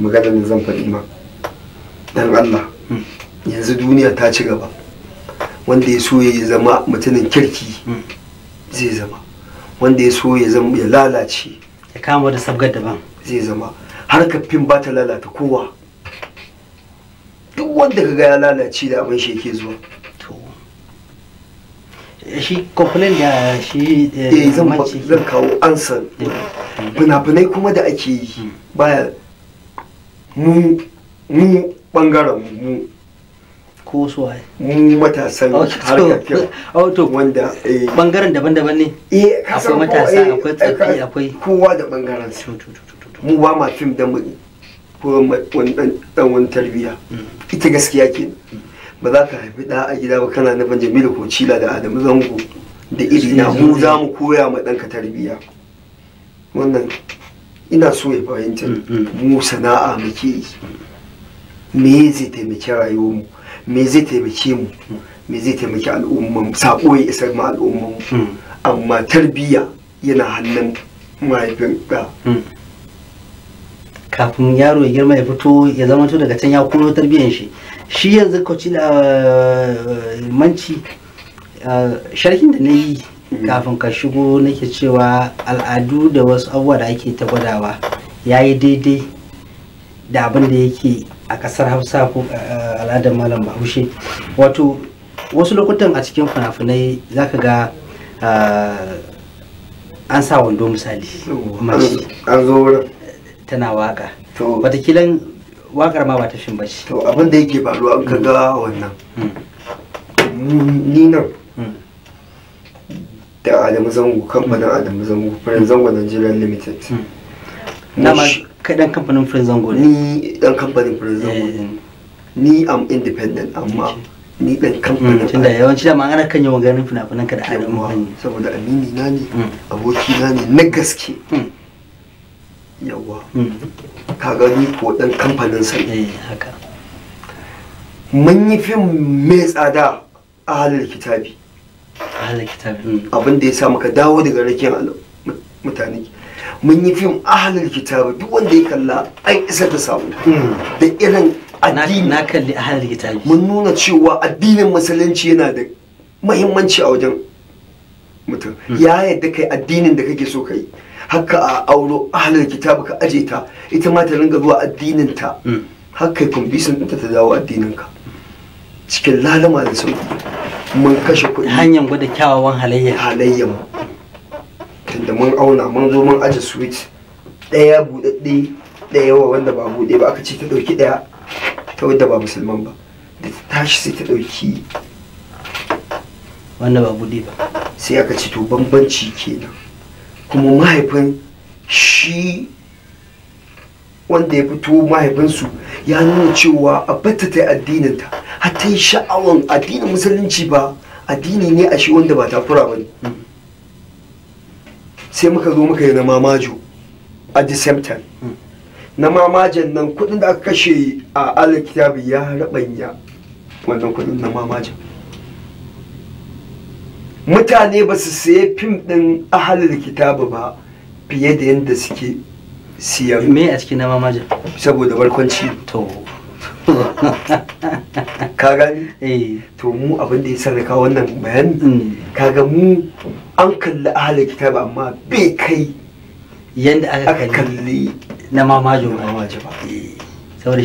maganar da zan faɗi ma dan Allah yanzu duniya ta ci gaba wanda ya so ya zama mutumin kirki zai zama wanda ya so ya zama ya lalace ya kama da sabgar daban zai zama har kafin ba ta lalata kowa duk wanda kaga ya lalace da abin shi yake zuwa shi complain da shi eh, eh, zan kawo ansa eh, fina-finai kuma da ake yi hmm. baya mu mu bangaren mu ko su waye mu matasan oh, harkar kira oh, wanda bangaren eh, daban-daban ne eh, akwai matasa eh, akwai tsaki akwai kowa da bangaren mu ba ma fim da mu ko dan wani tarbiya mm. ita gaskiya ke mm. ba za ka haifi da a gida ba kana nufin jamilu ko cila da adamu zango da iri na mu za mu koya ma danka tarbiya wannan ina so ya fahimta mu sana'a muke yi me zai taimaki rayuwarmu me zai taimake mu me zai taimaki al'umman sako ya isar ma al'umman hmm. amma tarbiyya yana hannun mahaifin ɗa hmm. kafin yaro ya girma ya fito ya zama to daga can ya koyo tarbiyyar shi shi yanzu kwaci ah, manci ah, sharhin da na yi kafin ka shigo nake cewa al'adu da wasu abubuwa da ake ta gwadawa ya yi daidai da abin da yake a kasar hausa ko eh, al'adar malam bahaushe wato wasu lokutan a cikin fina-finai za ka ga eh, an sa wando misali mace an zo tana waka watakilan wakar ma ba ta shin bace to abin da yake faruwa an ka ga wannan hmm. ni nan da adamu zango kamfanin adamu zango firin zango nigeria limited hmm. dama kai dan kamfanin firin zango ne ni dan kamfanin firin zango ne eh. ni am independent amma ni dan hmm, kamfanin tunda yawanci dama ana kan yawan ganin fina-finan da adamu saboda amini na ne hmm. aboki na ne na gaske yawa ka gani ko dan kamfanin sai eh, haka mun yi fim mai tsada a halin kitabi ahli kitabi abin da ya sa muka dawo daga rakin mutane mun yi fim ahalar kitabi duk wanda ya kalla an isa ta samu hmm. da irin addini na kalli ahalar kitabi mun nuna cewa addinin musulunci yana da muhimmanci a wajen mutum hmm. ya yadda kai addinin da kake so kai haka a auro ahalar kitabi ka aje ta ita ma ta ringa zuwa addinin ta hmm. haka kai kumbisin ta ta dawo addinin ka cikin lalama da sauki mun kashe kuɗi hanyar gwada kyawawan halayya halayyan mu tunda mun auna mun zo mun aje switch ɗaya buɗaɗɗe ɗaya wa wanda ba buɗe ba aka ce ta ɗauki ɗaya ta wadda ba musulman ba da ta tashi sai ta ɗauki wanda ba buɗe ba sai aka ce to bambanci kenan kuma mahaifin shi wanda ya fito mahaifinsu ya nuna cewa a batta ta addinin ta har ta yi sha'awan addinin musulunci ba addini ne a shi wanda ba takura ba ne sai muka zo muka yi na mamajo a december. na mamajan nan kudin da aka kashe a alkitabi ya rabanya wannan kudin na mamajan mutane ba su saye fim din ahalil kitabu ba fiye da yadda suke siyan me a cikin na mamaja saboda barkwanci to ka gani eh to mu abin da ya sarrafa wannan bayanin mm. kaga mu an kalli ahalar kitab amma bai kai yanda aka kalli na mamajo ba eh. saboda